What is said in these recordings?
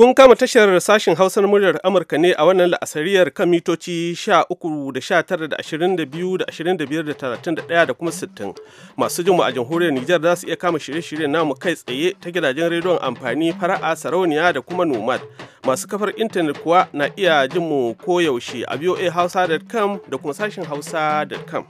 Kun kama tashar sashen Hausar muryar Amurka ne a wannan la'asariyar kan mitoci 13 da 19 da 22 da 25 da 31 da kuma 60. Masu jin a jamhuriyar Nijar za su iya kama shirye-shiryen namu kai tsaye ta gidajen rediyon amfani fara'a sarauniya da kuma nomad. Masu kafar intanet kuwa na iya jin mu koyaushe a voahausa.com da kuma sashen hausa.com.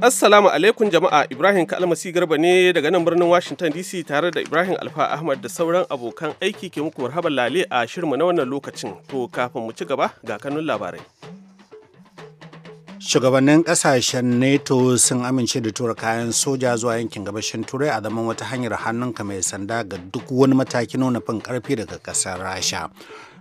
Assalamu alaikum jama'a Ibrahim Kalmasi Garba ne daga nan birnin Washington DC tare da Ibrahim Alfa Ahmad da sauran abokan aiki ke muku marhaban lale a shirma na wannan lokacin. To kafin mu ci gaba ga kanun labarai. Shugabannin kasashen NATO sun amince da tura kayan soja zuwa yankin gabashin Turai a zaman wata hanyar hannunka mai sanda ga duk wani matakin nuna fin karfi daga kasar Rasha.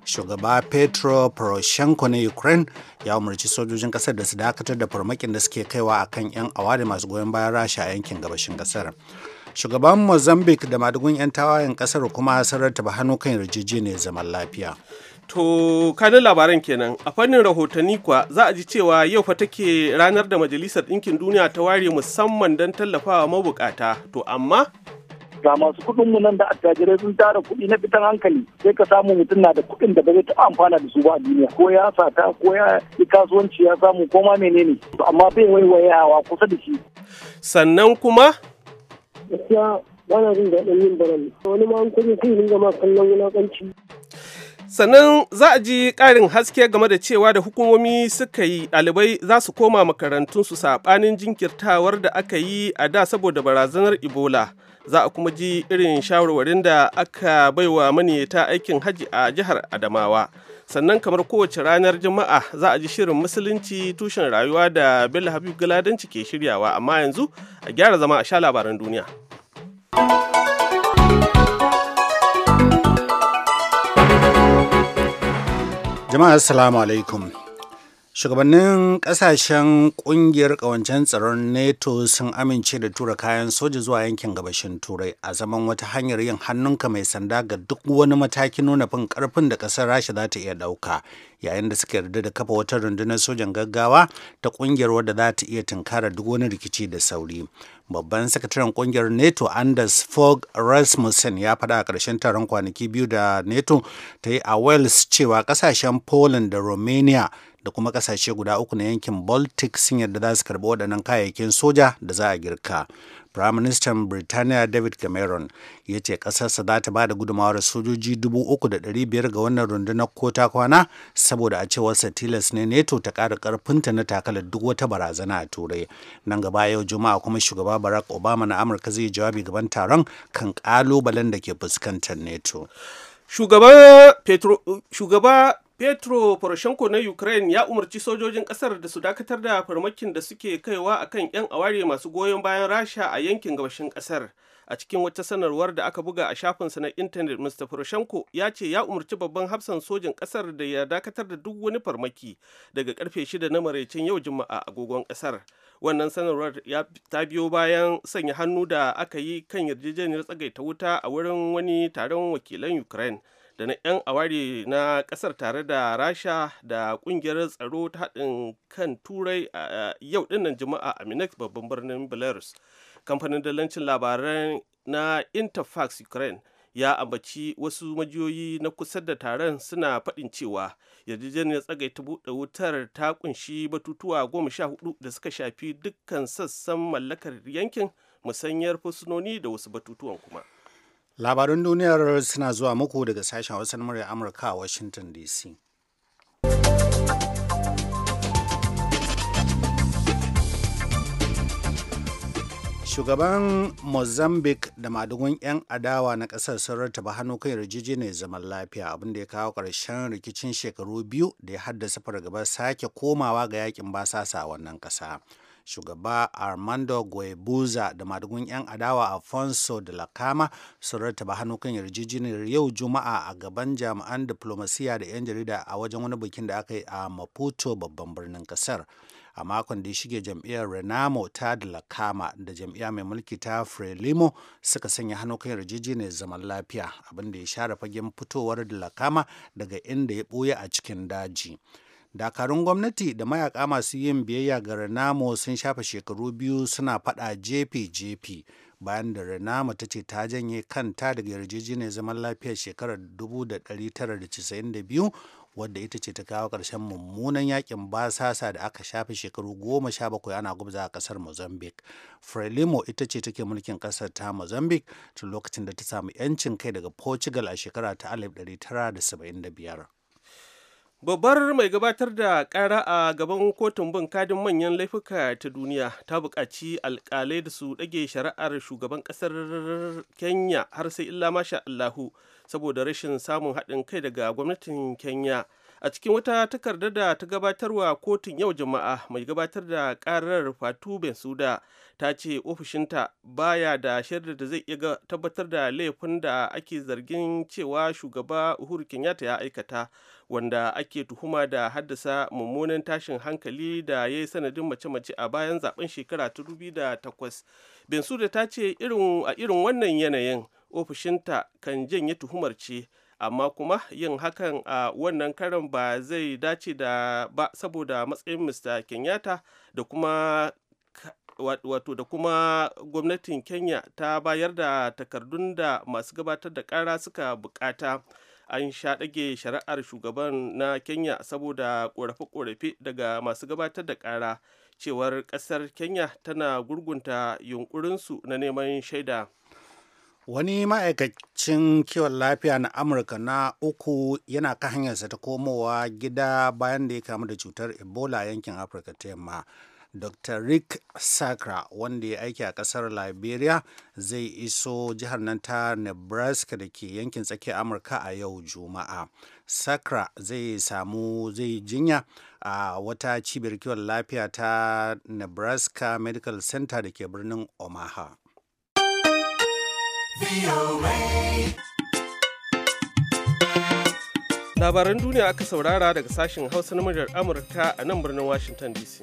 shugaba petro poroshenko na ukraine ya umarci sojojin kasar da su dakatar da farmakin da suke kaiwa a kan 'yan awari masu goyon bayan rasha a yankin gabashin kasar shugaban mozambique da madugun 'yan tawayen kasar kuma sun ba hannu kan yarjejeniyar zaman lafiya To, kanin labaran kenan, a fannin rahotanni kuwa za a ji cewa yau fa take ranar da Majalisar Ɗinkin Duniya ta ware musamman don tallafawa mabukata, to amma ga masu kuɗin mu nan da attajirai sun tara kuɗi na fitan hankali sai ka samu mutum na da kuɗin da ba zai taɓa amfana da su ba a duniya ko ya sata ko ya yi kasuwanci ya samu ko ma menene amma bai waiwayawa kusa da shi. Sannan kuma? Gaskiya ba na jin daɗin yin barani wani ma an kuɗin sai dinga ma kallon wulaƙanci. Sannan za a ji ƙarin haske game da cewa da hukumomi suka yi ɗalibai za su koma makarantun su saɓanin jinkirtawar da aka yi a da saboda barazanar Ebola. Za a kuma ji irin shawarwarin da aka baiwa maniyata aikin hajji a jihar Adamawa. Sannan kamar kowace ranar Juma'a za a ji shirin Musulunci tushen rayuwa da Bello Habib ke shiryawa amma yanzu a gyara zama a sha labaran duniya. Jama'a assalamu alaikum. Shugabannin kasashen kungiyar kawancen tsaron NATO sun amince da tura kayan soja zuwa yankin gabashin Turai a zaman wata hanyar yin hannunka mai sanda ga duk wani matakin nuna fin karfin da kasar Rasha za ta iya dauka yayin da suka yarda da kafa wata rundunar sojan gaggawa ta kungiyar wadda za ta iya tunkara duk wani rikici da sauri. babban sakataren kungiyar nato anders fogg rasmussen ya faɗa a ƙarshen taron kwanaki biyu da nato ta yi a wales cewa ƙasashen poland da romania da kuma ƙasashe guda uku na yankin baltic sun yarda za su karɓi waɗannan kayayyakin soja da za a girka Firaministan Birtaniya David Cameron ya ce ƙasarsa za ta ba da gudunmawar sojoji 3,500 ga wannan rundunar kota kwana saboda a cewarsa tilas ne neto ta ƙara ƙarfinta na takalar duk wata barazana a turai. Nan gaba yau Juma'a kuma shugaba Barack Obama na Amurka zai jawabi gaban taron kan ƙalubalen da ke fuskantar neto. Shugaba Petro Poroshenko na Ukraine ya umarci sojojin kasar da su dakatar da farmakin da suke kaiwa a kan 'yan aware masu goyon bayan Rasha a yankin gabashin kasar. A cikin wata sanarwar da aka buga a shafinsa na intanet, Mr. Poroshenko ya ce ya umarci babban hafsan sojin kasar da ya dakatar da duk wani farmaki daga karfe shida na maraicin yau Juma'a agogon kasar. Wannan sanarwar ta biyo bayan sanya hannu da aka yi kan yarjejeniyar tsagaita wuta a wurin wani taron wakilan Ukraine. da na 'yan aware na kasar tare da rasha da kungiyar tsaro ta haɗin kan turai a yau dinnan jama'a a minex babban birnin belarus kamfanin dalancin labaran na interfax ukraine ya ambaci wasu majiyoyi na kusa da taron suna faɗin cewa yarjejeniyar tsagaita buɗe wutar ta kunshi batutuwa goma sha hudu da suka shafi dukkan sassan mallakar yankin musanyar fursunoni da wasu batutuwan kuma. Labarin duniyar suna zuwa muku daga sashen wasan murya Amurka a Washington DC. Shugaban Mozambique da madugun 'yan adawa na ƙasar sun ba hannu kan yarjejeniyar zaman lafiya abinda ya kawo ƙarshen rikicin shekaru biyu da ya haddasa fargabar sake komawa ga yakin basasa a wannan ƙasa. shugaba armando guebuza da madugun 'yan adawa alfonso de la kama sun rattaba hannu kan yarjejeniyar yau juma'a a gaban jami'an diplomasiya da 'yan jarida a wajen wani bikin da aka yi a maputo babban birnin kasar a makon da ya shige jam'iyyar renamo ta de la kama da jam'iyya mai mulki ta frelimo suka sanya hannu kan yarjejeniyar zaman lafiya abinda ya share fagen fitowar de la kama daga inda ya ɓoye a cikin daji dakarun gwamnati da mayaka masu yin biyayya ga renamo sun shafe shekaru biyu suna fada jefe-jefe bayan da renamo ta ce ta janye kanta daga yarjejeniyar zaman lafiyar shekarar 1992 wadda ita ce ta kawo ƙarshen mummunan yakin basasa da aka shafe shekaru goma sha bakwai ana gubza a ƙasar mozambique frelimo ita ce take mulkin ƙasar ta mozambique tun lokacin da ta samu 'yancin kai daga portugal a shekara ta 1975 babbar mai gabatar da ƙara a gaban kotun bin kadin manyan laifuka ta duniya ta buƙaci alƙalai da su ɗage shari'ar shugaban ƙasar kenya har sai illa masha allahu saboda rashin samun haɗin kai daga gwamnatin kenya a cikin wata takardar da ta gabatarwa kotun yau jama'a mai gabatar da ƙarar fatu bensuda ta ce ofishinta baya da shaidar da zai iya tabbatar da laifin da ake zargin cewa shugaba uhuru kenyatta ya aikata wanda ake tuhuma da haddasa mummunan tashin hankali da ya yi sanadin mace-mace a bayan zaben shekara ta takwas bensuda ta ce a irin wannan yanayin ofishinta kan janye tuhumar ce amma kuma yin hakan a wannan karan ba zai dace da ba saboda matsayin mr kenyatta da kuma wato da kuma gwamnatin kenya ta bayar da takardun da masu gabatar da kara suka bukata an sha ɗage shari'ar shugaban na kenya saboda ƙorafe-ƙorafe daga masu gabatar da ƙara cewar ƙasar kenya tana gurgunta yunkurinsu na neman shaida wani ma'aikacin kiwon lafiya na amurka na uku yana kan hanyarsa ta komowa gida bayan da ya kamu da cutar ebola yankin afirka ta yamma dr rick sakra wanda ya aiki a kasar liberia zai iso jihar nan ta nebraska da ke yankin tsakiyar amurka a yau juma'a sakra zai samu zai jinya a wata cibiyar kiwon lafiya ta nebraska medical center da ke birnin omaha labaran duniya aka saurara daga sashen hausa na muryar amurka a nan birnin washington dc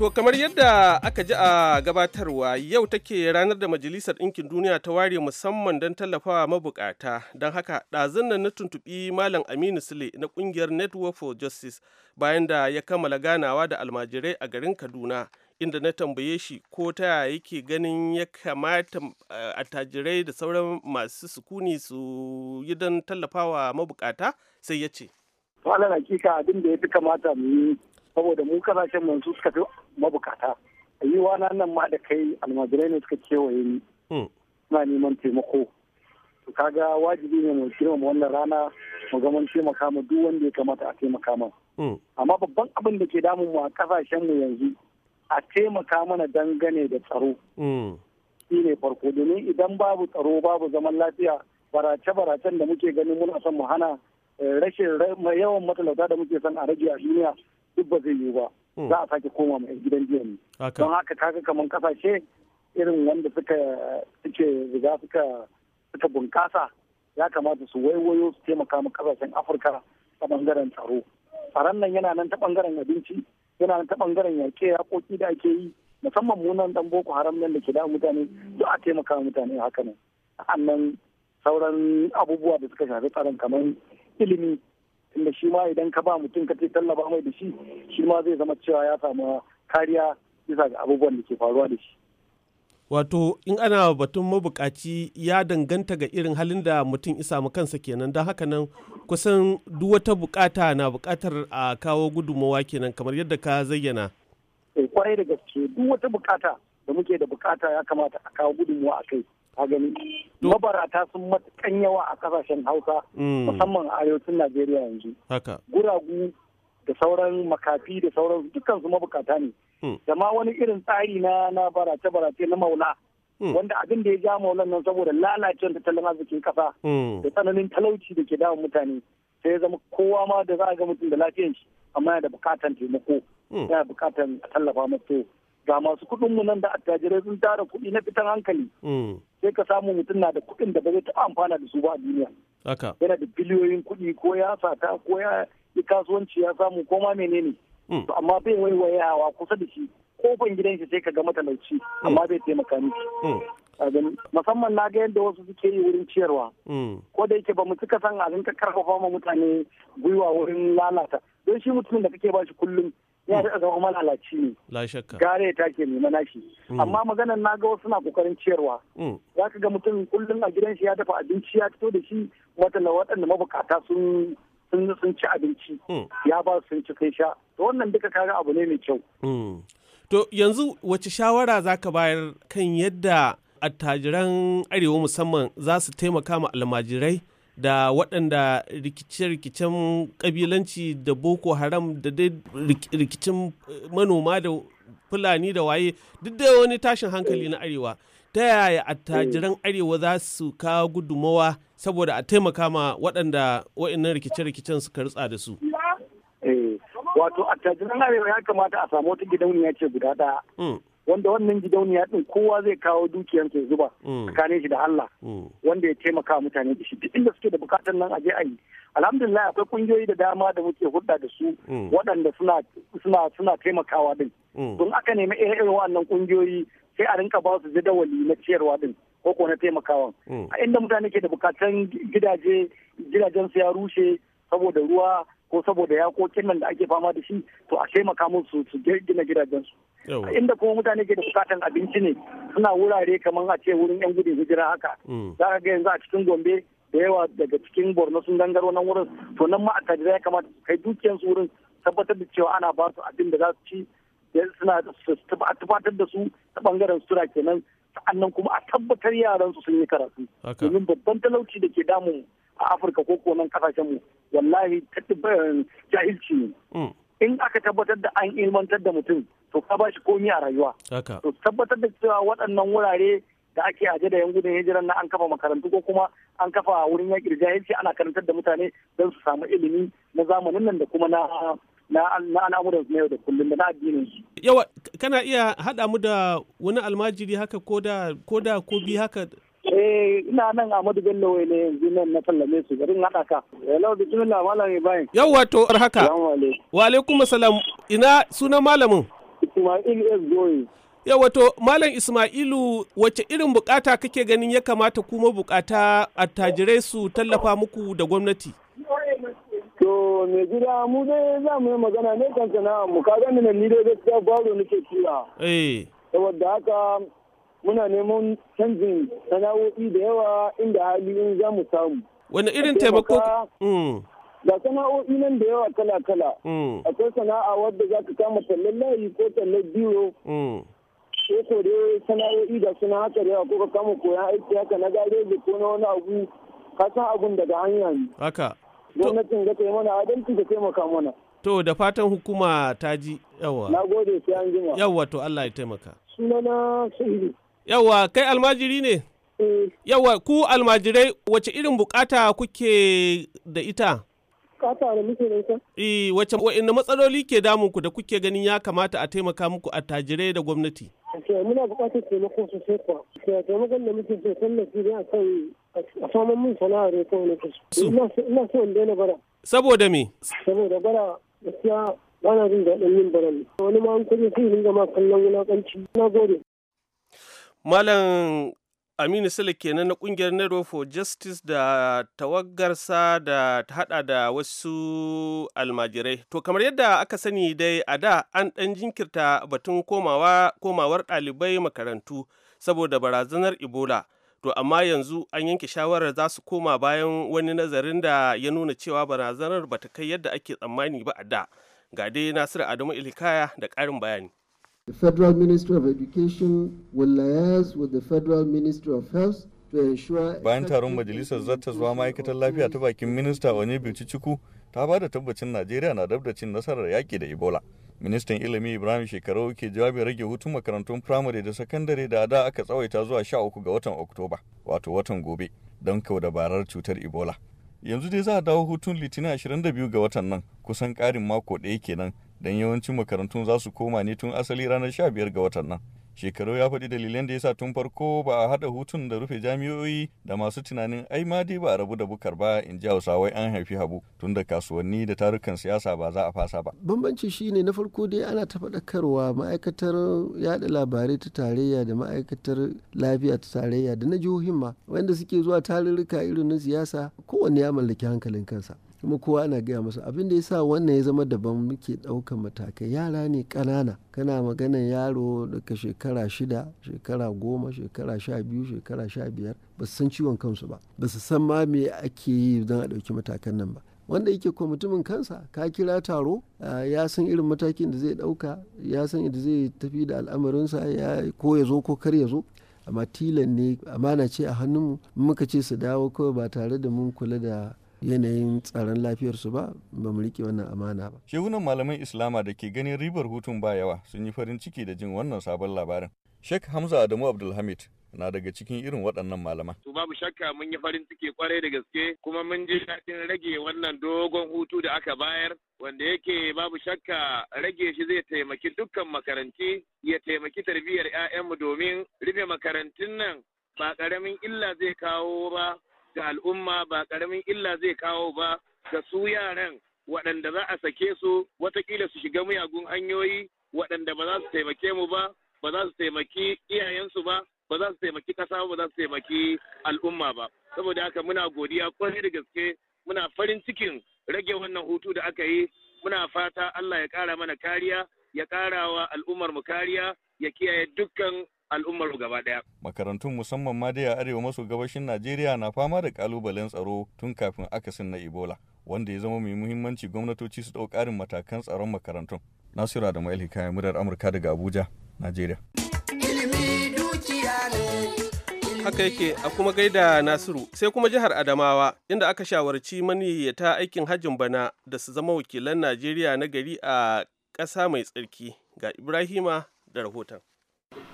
To kamar yadda aka ji a gabatarwa yau take ranar da Majalisar Ɗinkin Duniya ta ware musamman don tallafawa mabukata don haka ɗazin nan na tuntuɓi Malam Aminu Sule na ƙungiyar Network for Justice bayan da ya kammala ganawa da almajirai a garin Kaduna inda na tambaye shi ko ta yake ganin ya kamata eh, attajirai da sauran masu sukuni su yi don tallafawa mabukata sai ya ce. Malam hakika abin da ya fi kamata mu yi saboda mu kasashen mu su suka fi mabukata yi na nan ma da kai almajirai ne suka kewaye ni hmm. suna neman taimako to kaga wajibi ne mu girmama wannan rana mu ga mun taimaka mu duk wanda ya kamata a taimaka mana hmm. amma babban abin da ke damun mu a kasashen mu yanzu a taimaka mana dangane da tsaro hmm. shi ne farko domin idan babu tsaro babu zaman lafiya barace-baracen da muke ganin muna son mu hana eh, rashin yawan matalauta da muke son a rage a duniya duk ba zai yiwu ba hmm. za a sake koma mai gidan jiya ne don haka kaga kamar kasashe irin wanda suka suke riga suka suka bunkasa ya kamata su waiwayo su taimaka ma kasashen afirka ta bangaren tsaro tsaron nan yana nan ta bangaren abinci yana nan ta bangaren yaƙe yaƙoƙi da ake yi musamman munan dan boko haram nan da ke da mutane duk a taimaka mutane haka nan sa'annan sauran abubuwa da suka shafi tsaron kamar ilimi inda shi ma idan ka ba mutum ka ce tallaba mai da shi shi ma zai zama cewa ya samu kariya bisa ga abubuwan da ke faruwa da shi wato in ana batun mabukaci ya danganta ga irin halin da mutum isa samu kansa kenan don haka nan kusan duk wata bukata na bukatar a kawo gudunmawa kenan kamar yadda ka zayyana eh, kwarai da gaske duk wata bukata da muke da bukata ya kamata a kawo gudunmawa a kai ka gani mabarata sun matakan yawa a kasashen hausa mm. musamman a arewacin najeriya yanzu guragu da sauran makafi da sauran dukkan su mabukata ne mm. da ma wani irin tsari na na barace barace na maula mm. wanda abin da ya ja maula nan saboda lalacewar tattalin arzikin kasa da tsananin talauci da ke damun mutane sai ya zama kowa ma da za a ga mutum da lafiyan shi amma yana da bukatan taimako yana bukatan tallafa masu ga masu kuɗin mu nan da attajirai sun tara kuɗi na fitan hankali sai ka samu mutum na da kuɗin da ba zai taɓa amfana da su ba a duniya. Yana da biliyoyin kuɗi ko ya sata ko ya yi kasuwanci ya samu ko ma menene. ne. Hmm. amma bai waiwayawa kusa da shi ban gidan shi sai ka ga matalauci hmm. amma bai taimaka miki. Hmm. Musamman na ga yadda wasu suke yi wurin ciyarwa. Ko da yake ba mu cika san abin ka karfafa ma mutane gwiwa wurin lalata. Don shi mutumin da kake ba shi kullum ya da zama malalaci ne gare ta ke nema nashi mm. amma maganar na ga wasu na kokarin ciyarwa mm. za ka ga mutum kullum a gidan shi ya dafa abinci ya fito da shi waɗanda waɗanda mabukata sun sun ci abinci mm. ya ba su sun ci kai sha to wannan duka kaga abu ne mai kyau to yanzu wace shawara za ka bayar kan yadda attajiran arewa musamman za su taimaka ma almajirai da waɗanda rikice-rikicen kabilanci da boko haram da dai rikicin eh, manoma da fulani da waye duk da wani tashin hankali na arewa ta yaya attajiran arewa za su kawo gudumawa saboda a taimaka ma waɗanda wa'annan rikice-rikicen suka rutsa da su eh, wato attajiran arewa ya kamata a samu wata gidauniya ce guda ɗaya hmm. wanda wannan gidauniya din kowa zai kawo dukiyarsa ya zuba mm. tsakanin shi da Allah mm. wanda ya taimaka mutane da shi duk inda suke da bukatar nan aje a yi alhamdulillah akwai kungiyoyi da dama da muke hulɗa da su mm. waɗanda suna suna suna taimakawa din don aka nemi irin wannan kungiyoyi sai a rinka ba su jadawali na ciyarwa din ko ko na taimakawa a inda mutane ke da bukatan gidaje gidajen su ya rushe saboda ruwa ko saboda ya ko nan da ake fama da shi to a taimaka musu su gina gidajen gidajensu inda kuma mutane ke da bukatan abinci ne suna wurare kamar a ce wurin yan gudun hijira haka mm. za ka ga yanzu a cikin gombe da yawa daga cikin borno sun dangar wannan wurin to nan ma a ya kamata kai su wurin tabbatar da cewa ana ba su abin da za su ci suna tufatar da su ta bangaren sutura kenan sa'annan kuma a tabbatar yaran su sun yi karatu domin babban talauci da ke damun a afirka ko kuwa nan kasashen mu wallahi jahilci ne mm. in aka tabbatar da an ilmantar da mutum to ka ba shi komi a rayuwa to tabbatar da cewa waɗannan wurare da ake aje da yan gudun hijiran na an kafa makarantu ko kuma an kafa wurin yaƙi jahilci ana karantar da mutane don su samu ilimi na zamanin nan da kuma na na al'amuran na yau da kullum da na addinin su. Yawa kana iya haɗa mu da wani almajiri haka ko da ko bi haka Eh ina nan Ahmadu Bello ne yanzu nan na sallame su garin haɗa ka. Hello bismillah malam Ibrahim. Yawwa to haka. Wa alaikum salam ina sunan malamin? Ismail S. Goyi. Yawa to malam Ismailu wace irin bukata kake ganin ya kamata kuma bukata attajirai su tallafa muku da gwamnati? To me gida mu dai za mu yi magana ne kan sana'a mu ka gani ni dai gaskiya baro nake tura. Eh. Saboda haka muna neman canjin sana'o'i da yawa inda hali in za mu samu. Wani irin taimako? Mm. Ga sana'o'i nan da yawa kala-kala. Mm. Akwai sana'a wadda za ka kama tallan layi ko tallan biro. Mm. Ko ko dai sana'o'i da suna haka da yawa ko ka kama koyan aiki haka na gareji ko na wani abu ka san abun daga hanya ne. Haka. Gwamnatin ga taimaka adalci da taimaka mana. To da fatan hukuma ta ji yawa. Na gode sai an jima. Yawa to Allah ya taimaka. Sunana Shahidu. Yawwa kai almajiri ne? Eh. Yawwa ku almajirai wace irin bukata kuke da ita? Bukata da muke da ita? Eh wace wa'inda matsaloli ke damunku da kuke ganin ya kamata a taimaka muku attajirai da gwamnati? muna bukatar taimako sosai kuwa. Ke taimakon da muke so tallafi ne a kan a saman min sana'a ne kawai nake so. Ina so in daina bara. Saboda me? Saboda bara gaskiya ba na jin daɗin yin baran wani ma an kuje sai in ma kallon wulaƙanci na gode Malam Aminu Sule kenan na kungiyar nero for Justice da tawaggarsa da ta hada da wasu almajirai. To kamar yadda aka sani dai a da an ɗan jinkirta batun komawar ɗalibai makarantu saboda barazanar Ebola. To amma yanzu an yanke shawarar za su koma bayan wani nazarin da ya nuna cewa barazanar bata kai yadda ake tsammani ba a da. Ga dai Nasiru Adamu Ilikaya da ƙarin bayani. The Federal Ministry of Education will liaise with the Federal Ministry of Health Bayan taron majalisar zata zuwa ma'aikatar lafiya ta bakin minista wani Bichichuku ta ba da tabbacin Najeriya na dab da cin nasarar yaƙi da Ebola. Ministan ilimi Ibrahim Shekarau ke jawabin rage hutun makarantun firamare da sakandare da da aka tsawaita zuwa 13 ga watan Oktoba, wato watan gobe, don kau dabarar cutar Ebola. Yanzu dai za a dawo hutun Litinin 22 ga watan nan, kusan karin mako ɗaya kenan don yawancin makarantun za su koma ne tun asali ranar 15 ga watan nan. shekaru ya faɗi dalilan da ya sa tun farko ba a haɗa hutun da rufe jami'o'i da masu tunanin ai ma dai ba a rabu da bukar ba in ji wai an haifi habu tun da kasuwanni da tarukan siyasa ba za a fasa ba. bambanci shine na farko dai ana ta faɗakarwa ma'aikatar yaɗa labarai ta tarayya da ma'aikatar lafiya ta tarayya da na jihohin ma wanda suke zuwa tarurruka irin na siyasa kowanne ya mallaki hankalin kansa. kuma kowa ana gaya masa abin da ya sa wannan ya zama daban muke ɗaukan matakai yara ne ƙanana kana maganan yaro daga shekara shida shekara goma shekara sha biyu shekara sha biyar ba su san ciwon kansu ba ba su san ma me ake yi don a ɗauki matakan nan ba wanda yake ko mutumin kansa ka kira taro ah, ya san irin matakin da zai ɗauka ya san yadda zai tafi da al'amarinsa ya ko ya zo ko kar ya zo amma tilan ne amana ce a hannunmu muka ce su dawo kawai ba tare da mun kula da yanayin tsaron lafiyarsu ba ba mu rike wannan amana ba. Shehunan malaman Islama da ke ganin ribar hutun ba yawa sun yi farin ciki da jin wannan sabon labarin. Sheikh Hamza Adamu Abdulhamid na daga cikin irin waɗannan malaman. To babu shakka mun yi farin ciki kwarai da gaske kuma mun ji daɗin rage wannan dogon hutu da aka bayar wanda yake babu shakka rage shi zai taimaki dukkan makaranti ya taimaki tarbiyyar 'ya'yanmu domin rufe makarantun nan ba ƙaramin illa zai kawo ba ga al'umma ba ƙaramin illa zai kawo ba ga su yaran waɗanda za a sake su watakila su shiga miyagun hanyoyi waɗanda ba za su taimake mu ba ba za su taimaki iyayensu ba ba za su taimaki ƙasa ba za su taimaki al'umma ba saboda haka muna godiya kwarai da gaske muna farin cikin rage wannan hutu da aka yi muna fata Allah ya ƙara mana kariya ya ƙara wa al'ummar mu kariya ya kiyaye dukkan al'ummar gaba daya. Makarantun musamman ma dai a arewa maso gabashin Najeriya na fama da kalubalen tsaro tun kafin akasin na Ebola, wanda ya zama mai muhimmanci gwamnatoci su ɗau ƙarin matakan tsaron makarantun. Nasiru da Ma'il Hikaya, murar Amurka daga Abuja, Najeriya. Haka yake a kuma gaida Nasiru sai kuma jihar Adamawa inda aka shawarci maniyyata aikin hajjin bana da su zama wakilan Najeriya na gari a ƙasa mai tsarki ga Ibrahima da rahoton.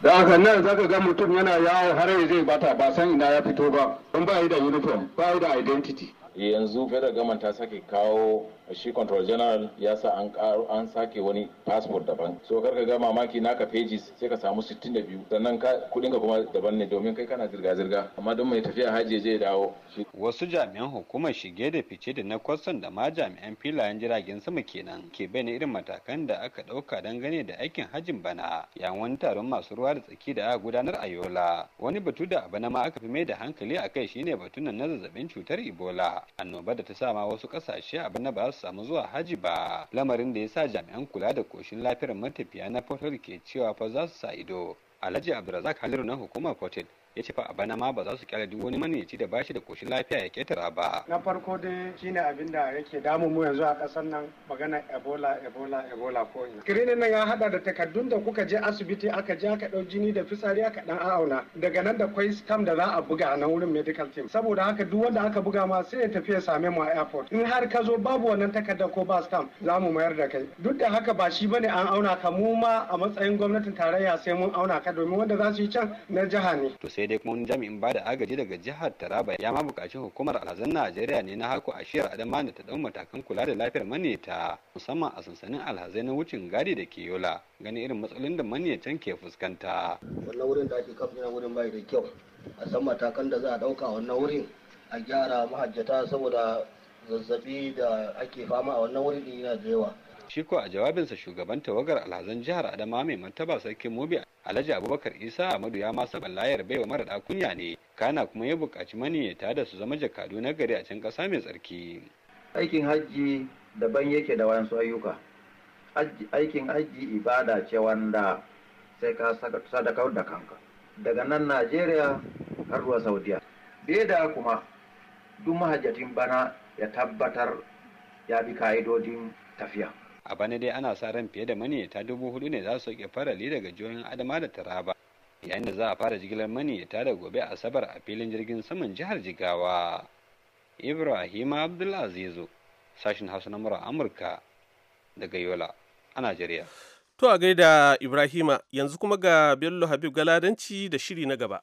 da aka nan zaka ga mutum yana yawo har ya zai bata ba san ina ya fito ba don ba yi da uniform ba yi da identity yanzu fada gaman ta sake kawo shi control general ya sa an karo an sake wani passport daban so ka ga mamaki naka pages sai ka samu 62 sannan ka kudin ka kuma daban ne domin kai kana zirga zirga amma don mai tafiya haji zai dawo wasu jami'an hukumar shige da fice da na kwastan da ma jami'an filayen jiragen sama kenan ke bayyana irin matakan da aka dauka dangane da aikin hajin bana yayin wani taron masu ruwa da tsaki da aka gudanar a Yola wani batu da bana ma aka fi mai da hankali a kai shine batunan na zazzabin cutar Ebola annoba da ta sa ma wasu kasashe a bana ba su samu zuwa haji ba lamarin da ya sa jami'an kula da koshin lafiyar matafiya na portal ke cewa fa za su sa ido Alhaji Abdulrazak Haliru na hukumar portal ya ce fa a bana ma ba za su kyara duk wani maniyaci da bashi da koshin lafiya ya ketara ba. Na farko dai shine abin da yake damu mu yanzu a kasar nan magana Ebola Ebola Ebola ko ina. Kirinin nan ya haɗa da takardun da kuka je asibiti aka je aka dau jini da fitsari aka dan auna daga nan da kwai stam da za a buga a nan wurin medical team saboda haka duk wanda aka buga ma sai ya tafi ya same mu a airport in har ka zo babu wannan takardar ko ba stam za mu mayar da kai duk da haka ba shi ba ne an auna ka mu ma a matsayin gwamnatin tarayya sai mun auna ka domin wanda za su yi can na jiha ne. To daidai kuma wani jami'in bada agaji daga jihar taraba ya ma buƙaci hukumar alhazan najeriya ne na hako a shiyar adama da ta ɗau matakan kula da lafiyar maneta musamman a sansanin alhazai na wucin gadi da ke yola gani irin matsalolin da maniyatan ke fuskanta. wannan wurin da ake kafin na wurin bai da kyau a san matakan da za a ɗauka wannan wurin a gyara mahajjata saboda zazzabi da ake fama a wannan wurin yana da yawa shi ko a jawabinsa shugaban tawagar alhazan jihar adama mai martaba sarkin mobi alhaji abubakar isa amadu ya masa ballayar baiwa mara kunya ne kana kuma ya buƙaci maniyyata da su zama jakadu na gari a can ƙasa mai tsarki aikin hajji daban yake da wayansu ayyuka aikin hajji ibada ce wanda sai ka sadakar da kanka daga nan najeriya har zuwa saudiya Beda kuma duk mahajjatin bana ya tabbatar ya bi ka'idodin tafiya a bana dai ana sa ran fiye da maniyyata dubu hudu ne za su soke farali daga jihohin adama da taraba yayin da za a fara jigilar maniyyata da gobe asabar a filin jirgin saman jihar jigawa ibrahim abdulazizu sashen hausa na mura amurka daga yola a najeriya to a gaida ibrahima yanzu kuma ga bello habib galadanci da shiri na gaba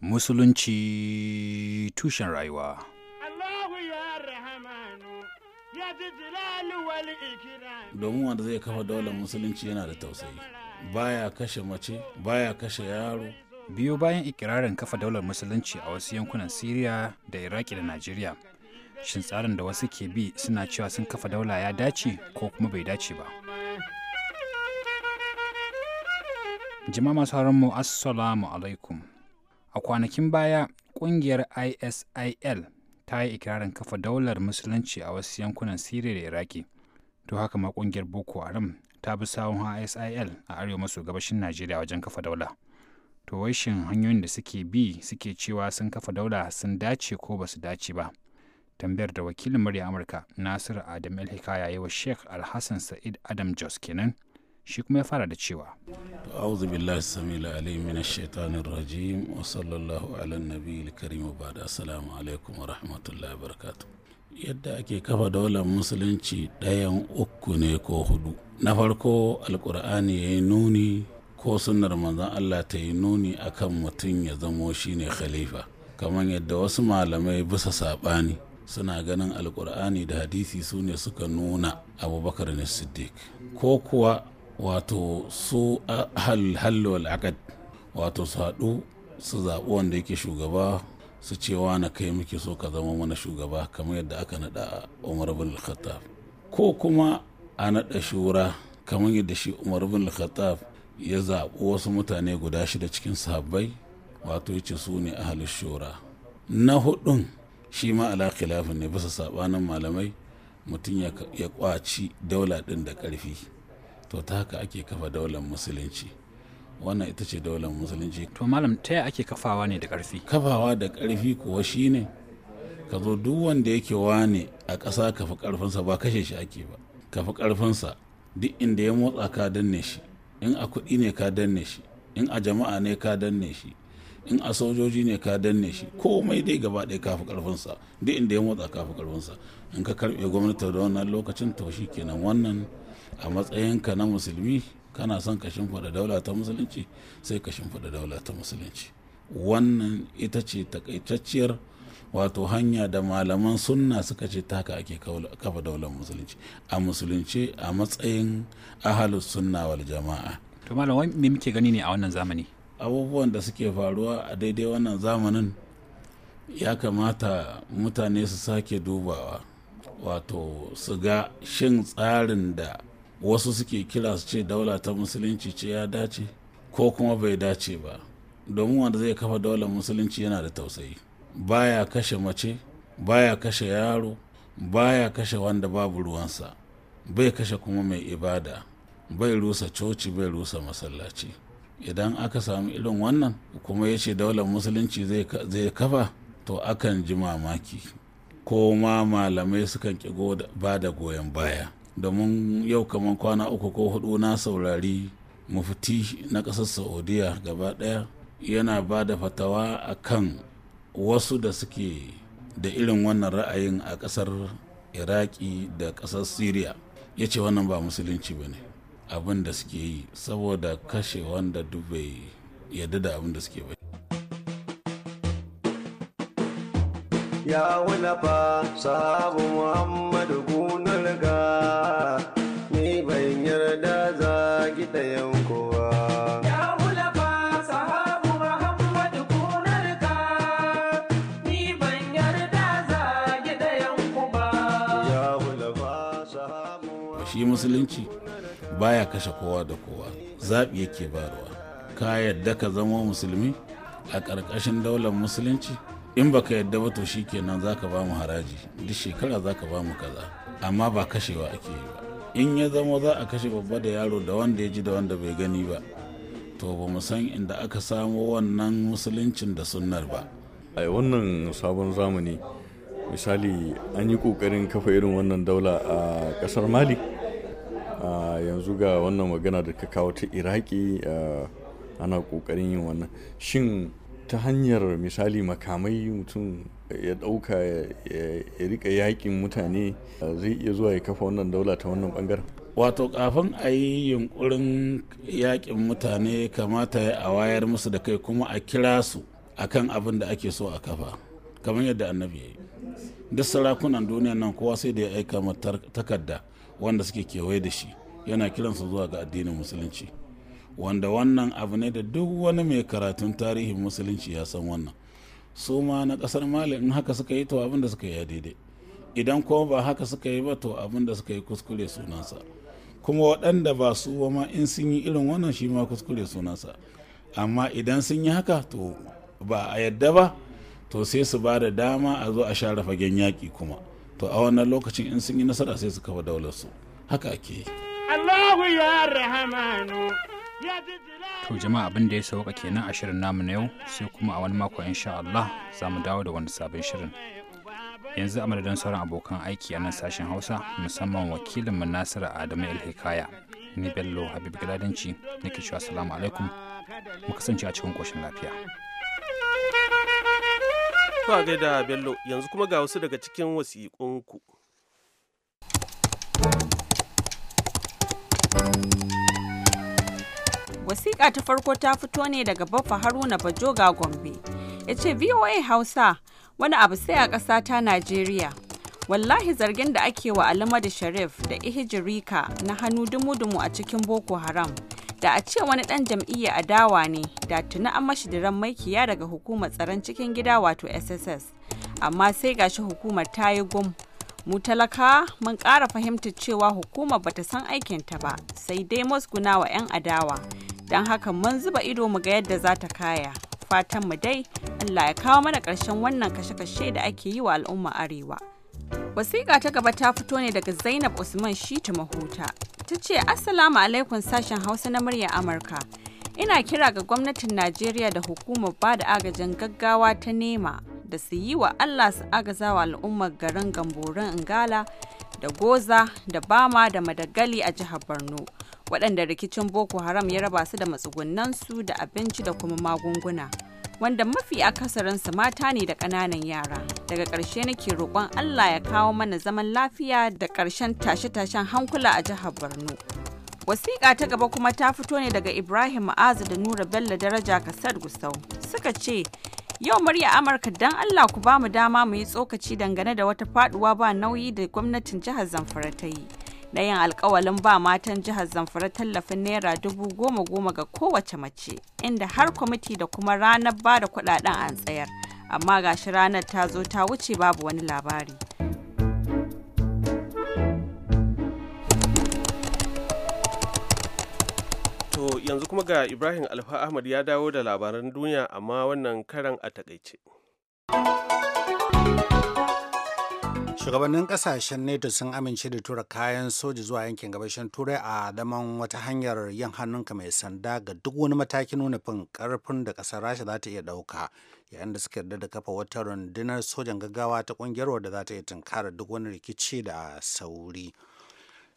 musulunci tushen rayuwa Allahu ya rahamanu ya domin wanda zai kafa daular musulunci yana da tausayi baya kashe mace baya kashe yaro biyu bayan ikirarin kafa daular musulunci a wasu yankunan siriya da iraki da najeriya shin tsarin da wasu ke bi suna cewa sun kafa daula ya dace ko kuma bai dace ba jima masu mu assalamu alaikum a kwanakin baya kungiyar isil ta yi ikirarin kafa daular musulunci a wasu yankunan siriya da iraki to haka ma kungiyar boko haram ta bi sawun isil a arewa maso gabashin najeriya wajen kafa daula to wai shin hanyoyin da suke bi suke cewa sun kafa daula sun dace ko ba su dace ba tambayar da wakilin murya amurka nasiru adam el hikaya yi wa sheikh alhassan sa'id adam jos kenan shi kuma ya fara da cewa a'udhu billahi samil alim min ash-shaytanir rajim wa sallallahu ala nabiyil karim wa ba'da assalamu alaikum wa rahmatullahi wa barakatuh yadda ake kafa daular musulunci ɗayan uku ne ko hudu na farko alkur'ani ya yi nuni ko sunar manzan allah ta yi nuni akan mutum ya zamo shine khalifa kamar yadda wasu malamai bisa saɓani suna ganin alkur'ani da hadisi su ne suka nuna abubakar ne siddiq ko kuwa wato su halal akad wato su haɗu su zaɓi wanda yake shugaba su cewa na kai muke so ka zama mana shugaba kamar yadda aka naɗa umar bin khattab ko kuma a naɗa shura kamar yadda shi umar bin khattab ya zaɓi wasu mutane guda shida cikin sahabbai wato ya ce su ne a halin shura na hudun shi ma ala khilafin ne bisa sabanin malamai mutum ya ƙwaci daula ɗin da ƙarfi to ta haka ake kafa daular musulunci wannan ita ce daular musulunci to malam ta ake kafawa ne da karfi. kafawa da ƙarfi kuwa shine ka zo duk wanda yake ne a ƙasa ka fi ƙarfinsa ba kashe shi ake ba ka fi ƙarfinsa duk inda ya motsa ka danne shi in a kuɗi ne ka danne shi in a jama'a ne ka danne shi in a sojoji ne ka danne shi komai dai gaba ɗaya fi karfinsa duk inda ya motsa fi karfinsa in ka karɓe gwamnati da wannan lokacin to shi kenan wannan a matsayinka na musulmi kana son ka shimfiɗa daula ta musulunci sai ka shimfiɗa daula ta musulunci wannan ita ce takaitacciyar wato hanya da malaman sunna suka ce taka ake kafa daular musulunci a musulunci a matsayin ahalus sunna wal jama'a to malam wai me muke gani ne a wannan zamani abubuwan da suke faruwa a daidai wannan zamanin ya kamata mutane su sake dubawa wato su ga shin tsarin da wasu suke kira su ce daula ta musulunci ce ya dace ko kuma bai dace ba domin wanda zai kafa daular musulunci yana da tausayi baya kashe mace baya kashe yaro baya kashe wanda babu ruwansa bai kashe kuma mai ibada bai rusa coci bai rusa masallaci idan aka samu irin wannan kuma ya ce daular musulunci zai kafa to akan ji mamaki ko ma malamai sukan ƙi ba da goyon baya domin yau kamar kwana uku ko hudu na saurari mafiti na ƙasar saudiya gaba ɗaya yana ba da fatawa a kan wasu da suke da irin wannan ra'ayin a ƙasar iraki da ƙasar syria ya ce wannan ba musulunci ba ne abin da suke yi saboda kashe wanda dubai bai yadda da abin da suke ba ya wani fa sahabu muhammadu gun riga ni ban yarda za ki ta yankowa shi musulunci baya kashe kowa da kowa zaɓi yake barwa ka yarda ka zama musulmi a ƙarƙashin daular musulunci in baka yadda ba to kenan za ka ba mu haraji duk shekara za ka ba mu kaza amma ba kashewa ake yi ba in ya zama za a kashe babba da yaro da wanda ya ji da wanda bai gani ba to ba mu san inda aka samo wannan musuluncin da sunnar ba a wannan sabon zamani misali an yi kokarin kafa irin wannan daula a kasar mali a yanzu ga wannan magana da ka kawo ta iraki ana kokarin yin wannan shin ta hanyar misali makamai mutum ya ɗauka ya rika yakin mutane zai iya zuwa ya kafa wannan daula ta wannan bangaren wato kafin a yi yunkurin yakin mutane kamata a wayar musu da kai kuma a kira su akan abin da ake so a kafa kamar yadda annabi ya yi duk sarakunan duniya nan kowa sai da ya aika takarda wanda suke kewaye da shi yana kiransu zuwa ga addinin musulunci wanda wannan abu ne da duk wani mai karatun tarihin musulunci ya san wannan su ma na kasar mali in haka suka yi to abin da suka yi ya daidai idan kuma ba haka suka yi ba to abin da suka yi kuskure sunansa kuma waɗanda ba su ma in sun yi irin wannan shi ma kuskure sunansa amma idan sun yi haka to ba a yadda ba to sai su ba da dama a zo a share fagen yaƙi kuma to a wannan lokacin in sun yi nasara sai su kafa daular su haka ake yi Allahu ya To jama'a abin da ya sauka kenan a shirin namu na yau sai kuma a wani mako insha Allah za mu dawo da wani sabon shirin. Yanzu a madadin sauran abokan aiki a nan sashen Hausa musamman wakilinmu Nasiru Adamu Hikaya. ni Bello Habib Giladanci nake cewa assalamu alaikum mu kasance a cikin koshin lafiya. To a gaida Bello yanzu kuma ga wasu daga cikin wasiƙunku. ku. wasiƙa ta farko ta fito ne daga Baffa Haruna Bajoga Gombe. Ya ce VOA Hausa wani abu sai a ƙasa ta Najeriya. Wallahi zargin da ake wa Alamadu Sharif da Ihijirika na hannu dumu-dumu a cikin Boko Haram. Da a ce wani ɗan jam'iyya adawa ne da tuna an mashi diran maikiya daga hukumar tsaron cikin gida wato SSS. Amma sai gashi hukumar ta yi gum mu talaka mun ƙara fahimtar cewa hukumar bata san aikinta ba sai dai musguna wa 'yan adawa don haka mun zuba ido mu ga yadda za ta kaya fatan mu dai Allah ya kawo mana ƙarshen wannan kashe-kashe da ake yi wa al'umma arewa wasiƙa ta gaba ta fito ne daga zainab usman shitu mahuta ta ce assalamu alaikum sashen hausa na murya amurka ina kira ga gwamnatin najeriya da hukumar ba da agajin gaggawa ta nema da su yi wa allah su agaza wa al'ummar garin gamborin ingala da goza da bama da madagali a jihar borno waɗanda rikicin boko haram ya raba su da matsugunansu da abinci da kuma magunguna wanda mafi akasarinsu mata ne da ƙananan yara daga ƙarshe nake roƙon allah ya kawo mana zaman lafiya da ƙarshen tashe-tashen hankula a jihar borno wasiƙa ta gaba kuma ta fito ne daga ibrahim ma'azu da nura bello daraja kasar gusau suka ce yau murya amurka don allah ku ba mu dama mu yi tsokaci dangane da wata faduwa ba nauyi da gwamnatin jihar zamfara ta yi na yin alkawalin ba matan jihar zamfara tallafin naira dubu goma goma ga kowace mace inda har kwamiti da kuma ranar ba da kudaden an tsayar amma gashi ranar ta zo ta wuce babu wani labari to yanzu kuma ga ibrahim alfa ahmad ya dawo da labaran duniya amma wannan karan a takaice. shugabannin kasashen nato sun amince da tura kayan soja zuwa yankin gabashin turai a zaman wata hanyar yin hannunka mai sanda ga duk wani matakin nuna fin karfin da kasar rasha za ta iya dauka yayin da suka yarda da kafa wata rundunar sojan gaggawa ta kungiyar wadda za ta iya tunkara duk wani rikici da sauri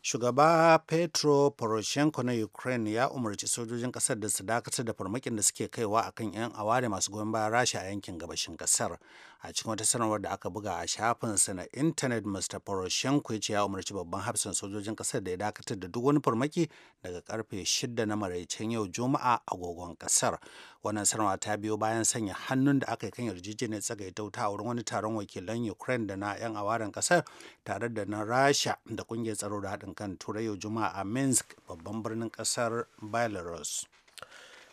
shugaba petro poroshenko na ukraine ya umarci sojojin kasar da su dakatar da farmakin da suke kaiwa akan 'yan aware masu goyon bayan rasha a yankin gabashin kasar a cikin wata sanarwar da aka buga a shafin shafinsa na intanet mr poroshenko ya ce ya umarci babban hafsan sojojin kasar da ya dakatar da duk wani farmaki daga karfe 6 na maraicen yau juma'a agogon kasar wannan sanarwa ta biyo bayan sanya hannun da aka yi kan yarjejeniyar tsagaitauta a wurin wani taron wakilan ukraine da na 'yan awaren kasar tare da na rasha da kungiyar tsaro da haɗin kan turai yau juma'a a minsk babban birnin kasar belarus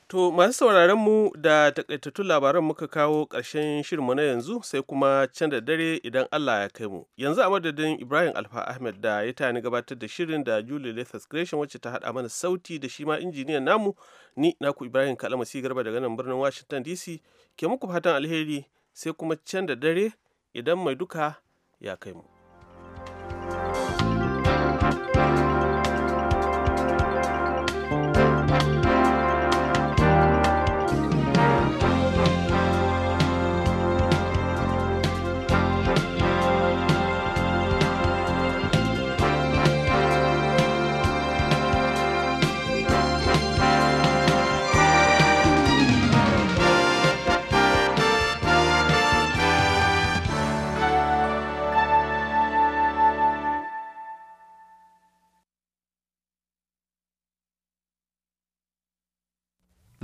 To masu sauraron mu da takaitattun labaran muka kawo ƙarshen shirinmu na yanzu sai kuma can da dare idan Allah ya kai mu. Yanzu a madadin Ibrahim Alfa Ahmed da ya tani gabatar da shirin da Julie Lathas Gresham wacce ta haɗa mana sauti da shi ma injiniyan namu ni naku Ibrahim Kalama Garba daga nan birnin Washington DC ke muku fatan alheri sai kuma can da dare idan mai duka ya kai mu.